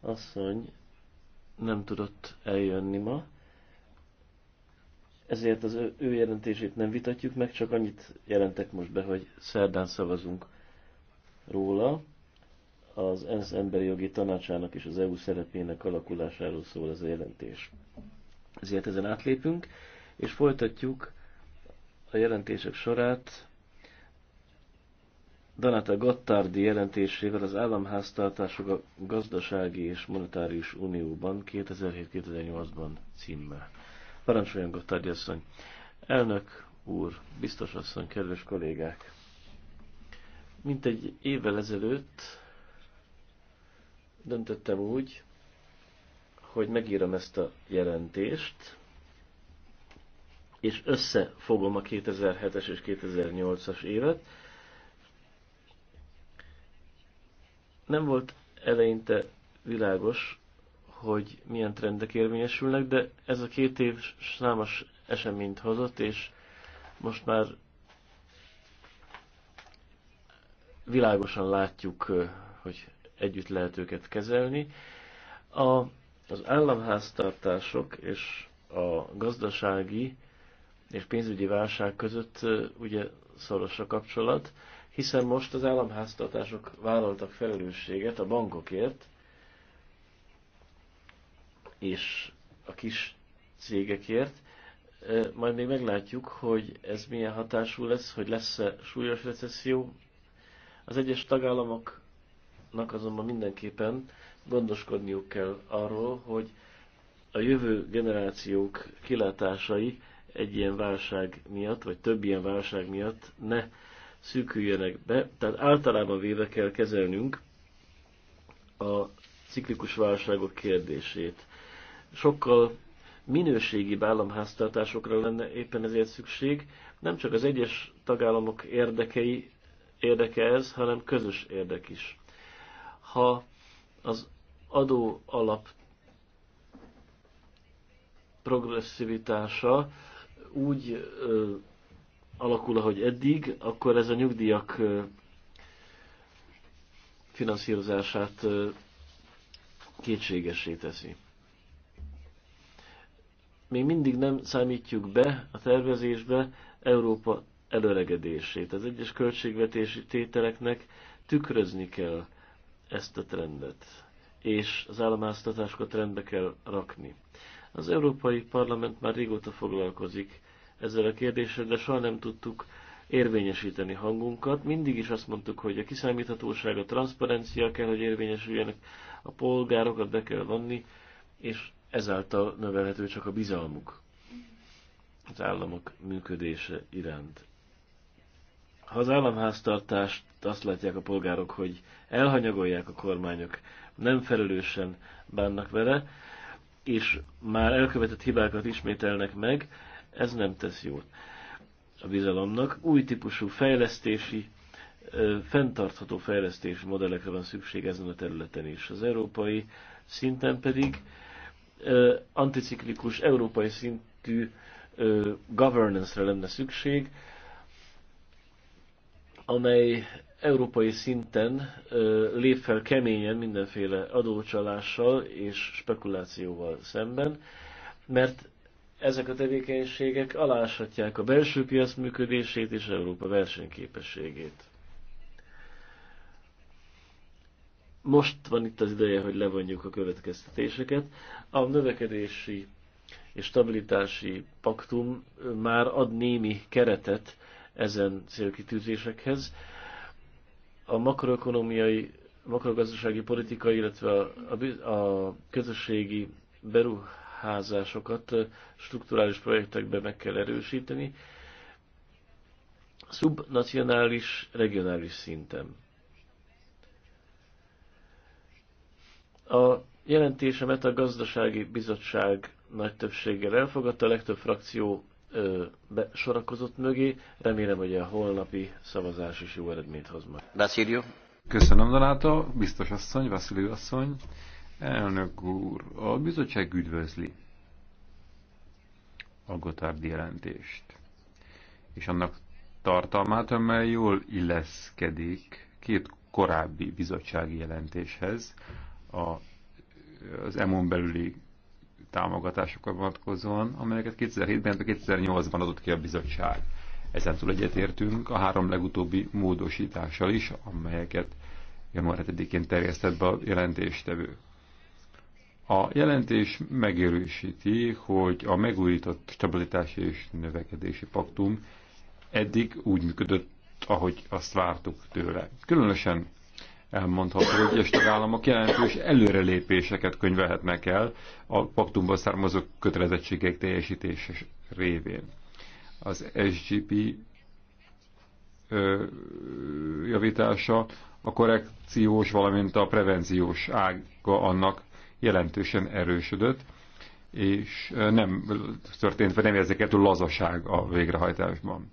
asszony nem tudott eljönni ma, ezért az ő, ő jelentését nem vitatjuk meg, csak annyit jelentek most be, hogy szerdán szavazunk róla. Az ENSZ emberi jogi tanácsának és az EU szerepének alakulásáról szól ez a jelentés. Ezért ezen átlépünk, és folytatjuk a jelentések sorát Danata Gottardi jelentésével az államháztartások a gazdasági és monetáris unióban 2007-2008-ban címmel. Parancsoljon Gottardi asszony! Elnök úr, biztos asszony, kedves kollégák! Mint egy évvel ezelőtt döntöttem úgy, hogy megírom ezt a jelentést, és összefogom a 2007-es és 2008-as évet, Nem volt eleinte világos, hogy milyen trendek érvényesülnek, de ez a két év számos eseményt hozott, és most már világosan látjuk, hogy együtt lehet őket kezelni. A, az államháztartások és a gazdasági és pénzügyi válság között ugye szoros a kapcsolat, hiszen most az államháztartások vállaltak felelősséget a bankokért, és a kis cégekért. Majd még meglátjuk, hogy ez milyen hatású lesz, hogy lesz-e súlyos recesszió. Az egyes tagállamoknak azonban mindenképpen gondoskodniuk kell arról, hogy a jövő generációk kilátásai egy ilyen válság miatt, vagy több ilyen válság miatt ne szűküljenek be, tehát általában véve kell kezelnünk a ciklikus válságok kérdését. Sokkal minőségibb államháztartásokra lenne éppen ezért szükség, nem csak az egyes tagállamok érdekei érdeke ez, hanem közös érdek is. Ha az adó alap progresszivitása úgy alakul, ahogy eddig, akkor ez a nyugdíjak finanszírozását kétségesé teszi. Még mindig nem számítjuk be a tervezésbe Európa előregedését. Az egyes költségvetési tételeknek tükrözni kell ezt a trendet, és az államáztatásokat rendbe kell rakni. Az Európai Parlament már régóta foglalkozik ezzel a kérdéssel, de soha nem tudtuk érvényesíteni hangunkat. Mindig is azt mondtuk, hogy a kiszámíthatóság, a transzparencia kell, hogy érvényesüljenek, a polgárokat be kell vonni, és ezáltal növelhető csak a bizalmuk az államok működése iránt. Ha az államháztartást azt látják a polgárok, hogy elhanyagolják a kormányok, nem felelősen bánnak vele, és már elkövetett hibákat ismételnek meg, ez nem tesz jót a bizalomnak. Új típusú fejlesztési, fenntartható fejlesztési modellekre van szükség ezen a területen is. Az európai szinten pedig anticiklikus európai szintű governance-re lenne szükség, amely európai szinten lép fel keményen mindenféle adócsalással és spekulációval szemben, mert ezek a tevékenységek aláshatják a belső piac működését és Európa versenyképességét. Most van itt az ideje, hogy levonjuk a következtetéseket. A növekedési és stabilitási paktum már ad némi keretet ezen célkitűzésekhez. A makroekonomiai, makrogazdasági politika, illetve a, a, a közösségi beruházás beruházásokat strukturális projektekbe meg kell erősíteni, szubnacionális, regionális szinten. A jelentésemet a gazdasági bizottság nagy többséggel elfogadta, a legtöbb frakció ö, besorakozott mögé. Remélem, hogy a holnapi szavazás is jó eredményt hoz majd. Köszönöm, Donato. Biztos asszony, Vassziliu asszony. Elnök úr, a bizottság üdvözli a Gotthard jelentést, és annak tartalmát, amely jól illeszkedik két korábbi bizottsági jelentéshez, a, az EMON belüli támogatásokkal vonatkozóan, amelyeket 2007-ben, 2008-ban adott ki a bizottság. Ezen túl egyetértünk a három legutóbbi módosítással is, amelyeket január 7-én terjesztett be a jelentéstevő. A jelentés megerősíti, hogy a megújított stabilitási és növekedési paktum eddig úgy működött, ahogy azt vártuk tőle. Különösen elmondható, hogy egyes tagállamok jelentős előrelépéseket könyvelhetnek el a paktumban származó kötelezettségek teljesítése révén. Az SGP ö, javítása a korrekciós, valamint a prevenciós ága annak, jelentősen erősödött, és nem történt, vagy nem a lazaság a végrehajtásban.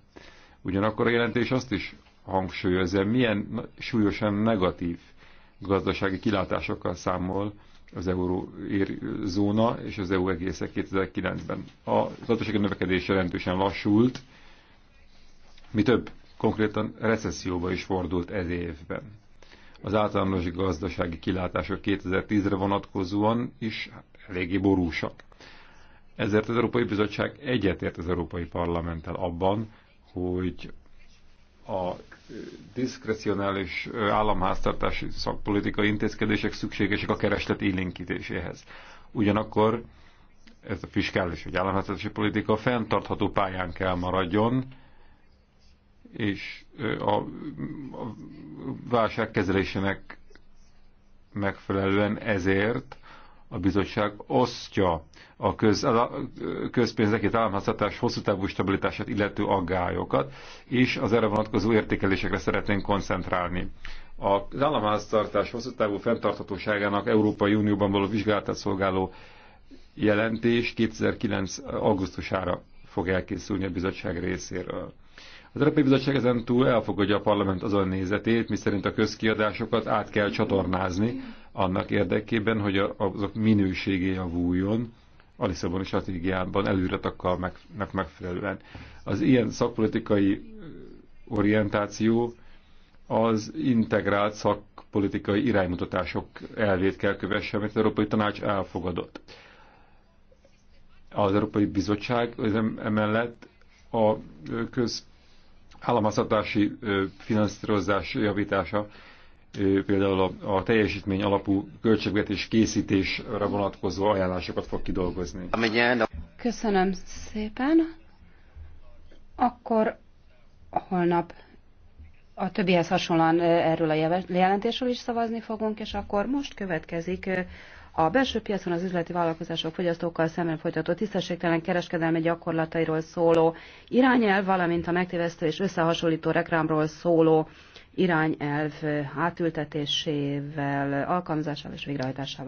Ugyanakkor a jelentés azt is hangsúlyozza, milyen súlyosan negatív gazdasági kilátásokkal számol az zóna és az EU egészek 2009-ben. A gazdasági növekedés jelentősen lassult, mi több, konkrétan recesszióba is fordult ez évben az általános gazdasági kilátások 2010-re vonatkozóan is eléggé borúsak. Ezért az Európai Bizottság egyetért az Európai Parlamenttel abban, hogy a diszkrecionális államháztartási szakpolitikai intézkedések szükségesek a kereslet élénkítéséhez. Ugyanakkor ez a fiskális vagy államháztartási politika fenntartható pályán kell maradjon, és a válság kezelésének megfelelően ezért a bizottság osztja a köz, közpénzekét államháztartás hosszú távú stabilitását illető aggályokat, és az erre vonatkozó értékelésekre szeretnénk koncentrálni. Az államháztartás hosszú távú fenntarthatóságának Európai Unióban való vizsgálatát szolgáló jelentés 2009. augusztusára fog elkészülni a bizottság részéről. Az Európai Bizottság ezen túl elfogadja a parlament azon nézetét, miszerint a közkiadásokat át kell csatornázni annak érdekében, hogy azok minőségé javuljon a Lisszaboni stratégiában meg megfelelően. Az ilyen szakpolitikai orientáció az integrált szakpolitikai iránymutatások elvét kell kövesse, amit az Európai Tanács elfogadott. Az Európai Bizottság emellett a köz államháztartási finanszírozás javítása, például a, teljesítmény alapú költségvetés készítésre vonatkozó ajánlásokat fog kidolgozni. Köszönöm szépen. Akkor holnap a többihez hasonlóan erről a jelentésről is szavazni fogunk, és akkor most következik a belső piacon az üzleti vállalkozások fogyasztókkal szemben folytatott tisztességtelen kereskedelmi gyakorlatairól szóló irányelv, valamint a megtévesztő és összehasonlító reklámról szóló irányelv átültetésével, alkalmazásával és végrehajtásával